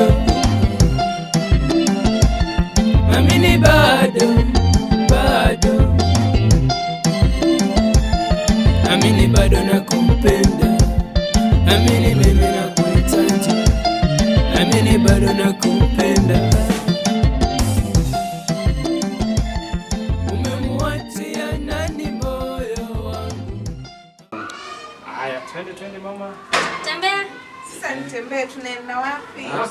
bado, nami bado, bado, nami bado na kumpenda, nami ni mimi na kuhitaji, bado na kumpenda. Umemwatia nani moyo wangu? twende twende mama. Tembea. Sasa nitembee, tunaenda wapi? Ah,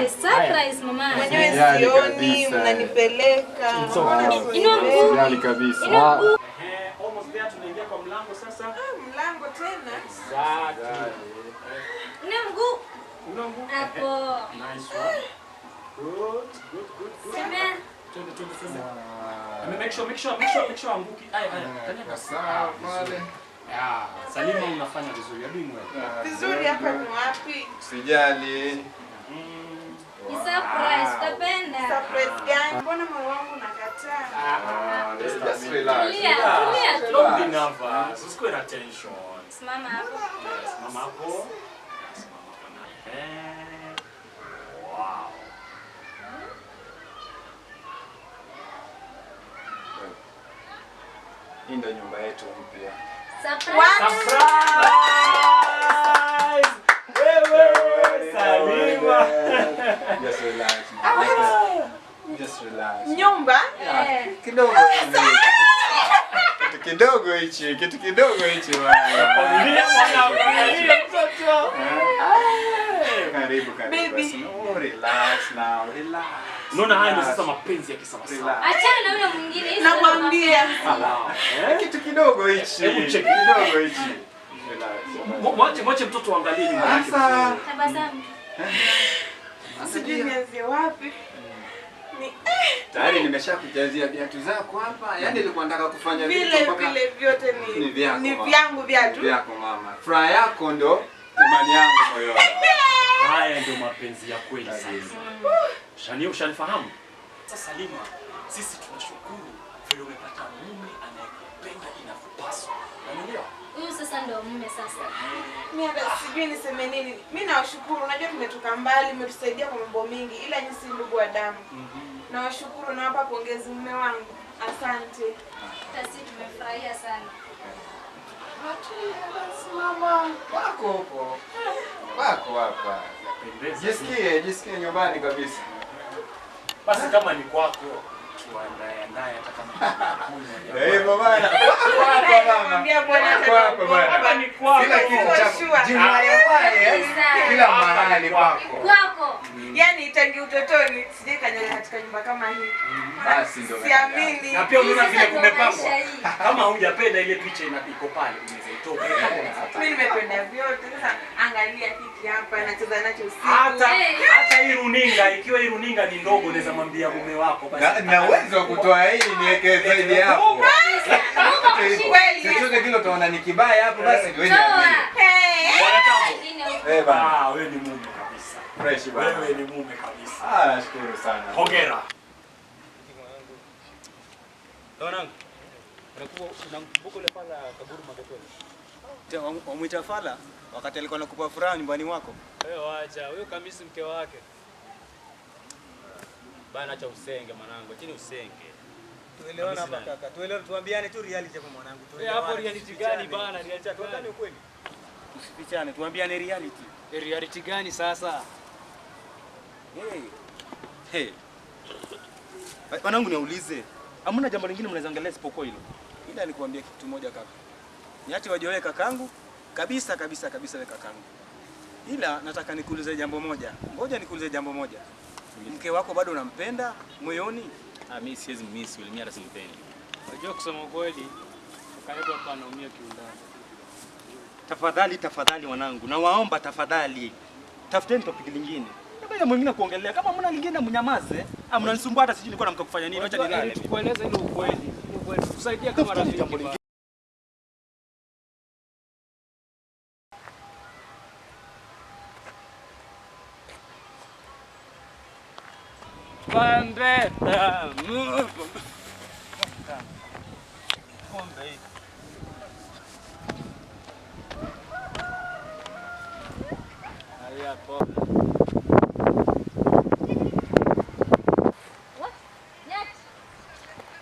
eh, surprise mama. Mwenyewe sioni mnanipeleka. Inua kabisa. Eh, almost there, tunaingia kwa mlango sasa. Ah, mlango tena. Make sure, make sure, make sure, make sure anguki. Aya, aya. Eh, sawa pale. Ah, Salima unafanya vizuri abingwe. Ah, vizuri hapa ni wapi? Mm. Ni surprise, utapenda. Surprise ah. gani? Mbona moyo wangu unakataa? Ah, tulia, tulia. Don't be nervous. Usikuwe na tension. Simama hapo. Simama hapo. Hii nyumba yetu mpya nyumba kidogo kitu kidogo hichi kitu kidogo hichi eh. karibu karibu relax now relax Unaona haya ndio sasa mapenzi ya kisawasawa. Achana na yule mwingine. Nakwambia. Eh? Kitu kidogo hichi. Hebu check kidogo hichi. Mwache mwache mtoto angalie ni yake. Sasa tabasamu. Sijui nianzie wapi. Tayari nimeshakujazia viatu zako hapa. Yaani nilikuwa nataka kufanya vitu vile vile vyote ni ni vyangu. Ni vyangu viatu. Vyako mama. Furaha yako ndo imani yangu moyoni. Haya ndo mapenzi ya kweli sasa. Shani ushanifahamu? Sasa Salima, sisi tunashukuru vile umepata mume anayekupenda inavyopaswa. Unanielewa? Huyu sasa ndio mume sasa. Mimi eh. hata sijui niseme nini. Mimi nawashukuru, unajua tumetoka mbali, umetusaidia kwa mambo mingi, ila nyinyi si ndugu wa damu. Mhm. Nawashukuru na hapa pongezi mume wangu. Asante. Sisi tumefurahia sana. Wako eh. wako Wako Wako Jisikie, jisikie nyumbani kabisa. Basi kama ni kwako tuandae naye utotoni sijai kanyaga katika nyumba kama hii. Mm. Siamini. Na pia unaona vile kumepangwa. Kama hujapenda ile picha iko pale vitoke. Mimi nimependa vyote. Sasa angalia kiki hapa nacheza nacho usiku. Hata hata hii runinga ikiwa hii runinga ni ndogo unaweza mwambia mume wako basi. Na uwezo wa kutoa hii niweke zaidi hapo. Chochote kile utaona ni kibaya hapo basi eh. ndio wewe. Eh bana. Ah, wewe ni mume kabisa. Fresh bana. Wewe ni mume kabisa. Ah, nashukuru sana. Hongera. Mwanangu. Wamwita Fala wakati alikuwa nakupa furaha nyumbani mwako? wacha, huyo Kamisi mke wake. Bana, acha usenge mwanangu, chini usenge. Tuelewana hapa kaka. Tuelewane, tuambiane tu reality kwa mwanangu. Tuelewane. Hapo reality gani bana? Reality gani? Tuelewane ukweli. Tusifichane, tuambiane reality. reality gani sasa? Hey. Hey. Mwanangu niaulize. Hamna jambo lingine mnaweza angalia isipokuwa hilo ila nikuambia kitu moja kaka, niache wajoe kakangu kabisa kabisa kabisa, wewe kakangu, ila nataka nikuulize jambo moja. Ngoja nikuulize jambo moja, mke wako bado unampenda moyoni? Ah, mimi siwezi, miss yule, mimi hata simpendi. Unajua kusema kweli, kaka hapa anaumia kiundani. Tafadhali, tafadhali wanangu, nawaomba tafadhali, tafuteni topic lingine ya mwingine kuongelea. Kama mna lingine mnyamaze, amnanisumbua ah, hata sijui nilikuwa namka kufanya nini. Acha nilale. Tukueleze ile ukweli. kusaidia kama rafiki. Pande tamu. Kombe. Haya hapo. What? Next.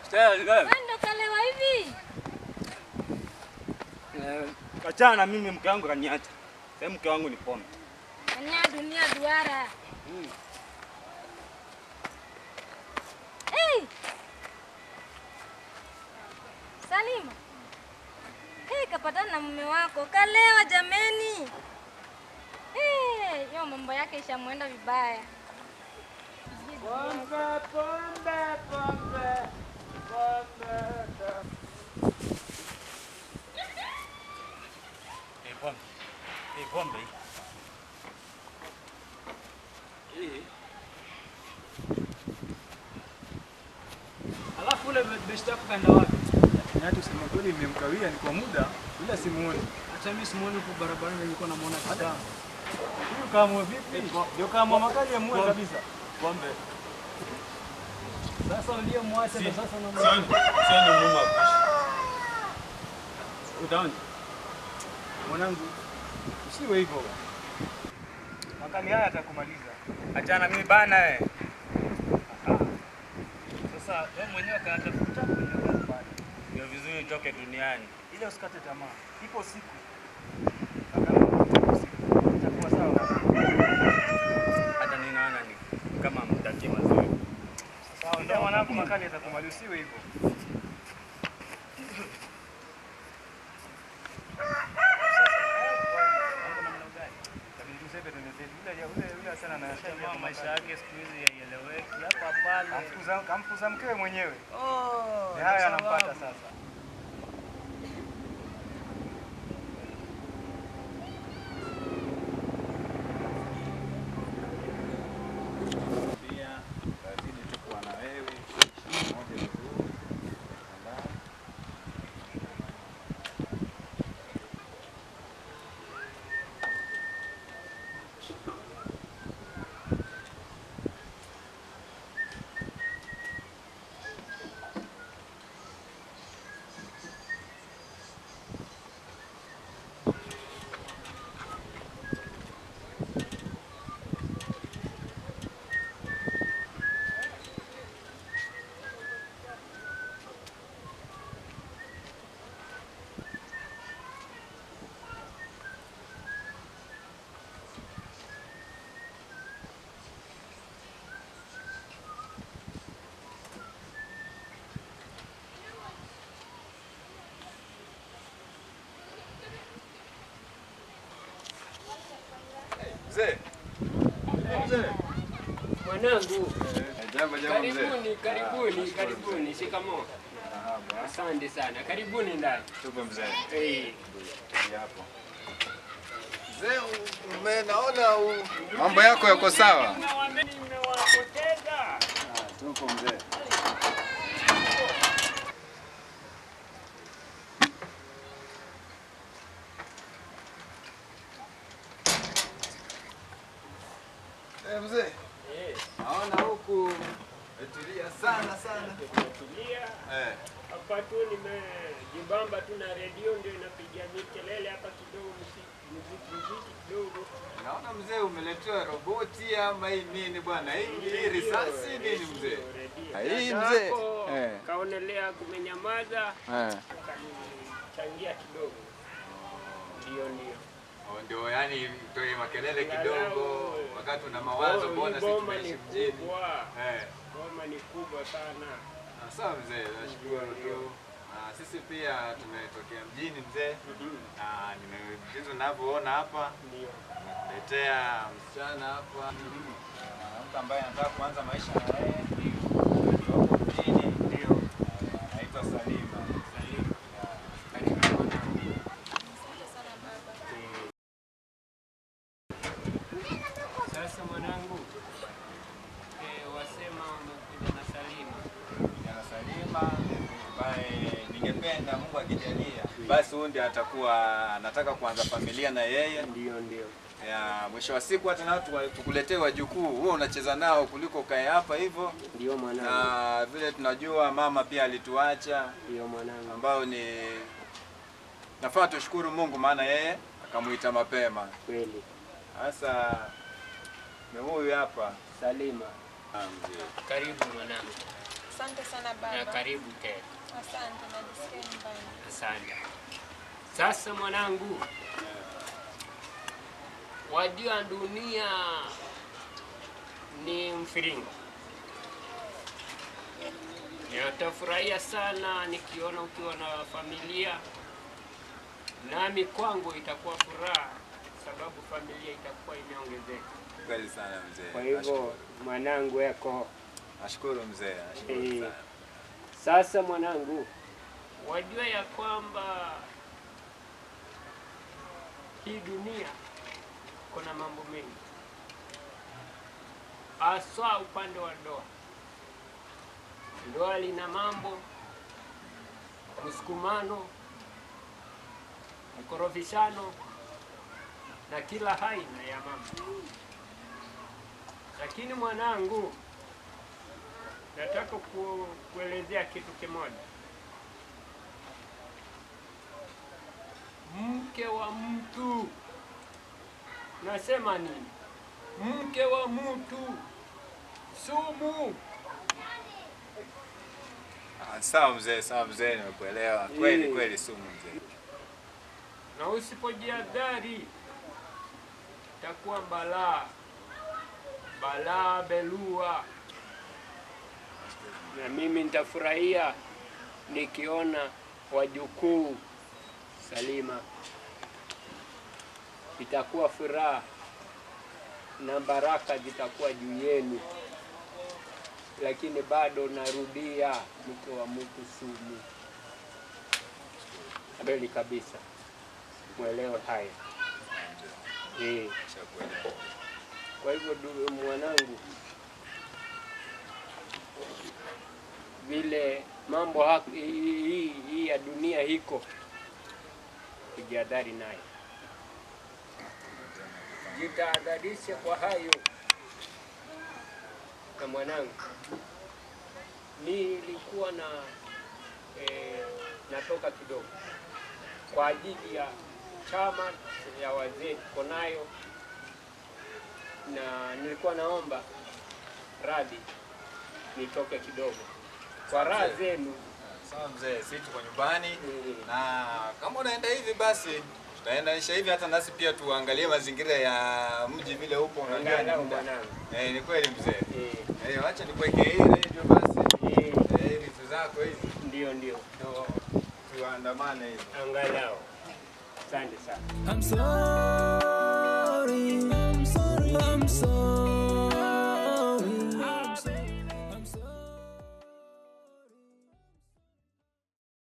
Stay, go. Achana na mimi, mke wangu kaniacha. Sasa mke wangu ni pombe. Kanya dunia duara. Mm. Hey. Salima. Hey, kapatana na mume wako kalewa jameni. Hey, hiyo mambo yake ishamwenda vibaya. Pombe, Pombe, pombe, pombe, pombe. pombe. Hii pombe hii. Alafu ule mshtaku kaenda wapi? Yaani Nyati usema kweli nimemkawia ni kwa muda bila simuoni. Hata mimi simuoni huko barabarani nilikuwa namuona kitambo. Huyu kaamua vipi? Eh, ndio kaamua makali ya mua kabisa. Pombe. Sasa ndio muache sasa na muache. Sasa ni muache. Udaonje. Mwanangu, usiwe hivyo. Makali haya atakumaliza. Achana mimi bana wewe. Eh. Sasa wewe mwenyewe kaatafuta kwenye bana. Ndio vizuri utoke duniani. Ile usikate tamaa. Ipo siku. kama mtaki mazuri. Sawa, ndio mwanangu, makali atakumaliza. Usiwe hivyo. siku hizi haieleweki hapa pale. Amfuza mkewe mwenyewe. Oh, haya anampata sasa. Wanangu, karibuni, karibuni, karibuni. Shikamoo. Asante sana, karibuni ndani. Tupo mzee. Hapo mzee, umenaona mambo yako yako sawa? Nimewapoteza. Ah, tupo mzee. eh. Hapa tu nimejibamba tu na redio ndio inapiga mikelele hapa kidogo, muziki muziki kidogo. Naona mzee umeletewa roboti ama hii nini bwana? Hii risasi nini mzee? Hii mzee eh. kaonelea kumenyamaza eh. akanichangia kidogo, ndio ndio oh, ndio, yani toe makelele kidogo wakati una mawazo, oh, mbona si tumeishi mjini? Ngoma eh. ni kubwa sana. Sawa mzee, nashukuru tu. Na sisi pia tumetokea mjini mzee, na nimevizito ninavyoona hapa, nimekuletea msichana hapa, mtu ambaye anataka kuanza maisha na yeye ndio atakuwa anataka kuanza familia na yeye. Ndio, ndio. Ya, mwisho wa siku hata nao tukuletee wajukuu, wewe unacheza nao kuliko kae hapa hivyo. Ndio mwanangu. Na vile tunajua mama pia alituacha. Ndio mwanangu. Ambao ni nafaa tushukuru Mungu maana yeye akamuita mapema. Kweli. Sasa ni huyu hapa Salima. Karibu mwanangu. Asante sana baba. Na karibu tena. Asante, na nisikie nyumbani. Asante. Sasa mwanangu, wajua dunia ni mfiringo. Nitafurahia sana nikiona ukiwa na familia, nami kwangu itakuwa furaha, sababu familia itakuwa imeongezeka. Kweli sana mzee. Kwa hivyo mwanangu yako. Nashukuru mzee, nashukuru eh. sana. Sasa mwanangu, wajua ya kwamba hii dunia kuna mambo mengi, haswa upande wa ndoa. Ndoa lina mambo, msukumano, mkorofishano na kila aina ya mambo. Lakini mwanangu, nataka kuelezea kitu kimoja. mke wa mtu. Nasema nini? Mke wa mtu sumu. Ah, sawa mzee, sawa mzee, nimekuelewa kweli eh. kweli, sumu mzee. Na usipojihadhari itakuwa balaa balaa belua, na mimi nitafurahia nikiona wajukuu salima itakuwa furaha na baraka zitakuwa juu yenu, lakini bado narudia, mke wa mtu sumu. Kweli kabisa, mwelewe haya e. Kwa hivyo mwanangu, vile mambo hii ya dunia hiko, kujihadhari naye jitahadharishe kwa hayo. Na mwanangu, nilikuwa na e, natoka kidogo kwa ajili ya chama ya wazee tuko nayo, na nilikuwa naomba radhi nitoke kidogo kwa raha zenu. Sawa mzee, sisi tuko nyumbani, mm-hmm. na kama unaenda hivi basi tutaenda tutaendaisha hivi, hata nasi pia tuangalie mazingira ya mji vile upo na gani. Eh, ni kweli mzee. Eh, Hey, eh, acha nikweke hii ndio basi. Eh, Hey, eh, vitu zako hizi ndio ndio tuandamane hivi, angalau. Asante sana. I'm sorry. I'm sorry. I'm sorry.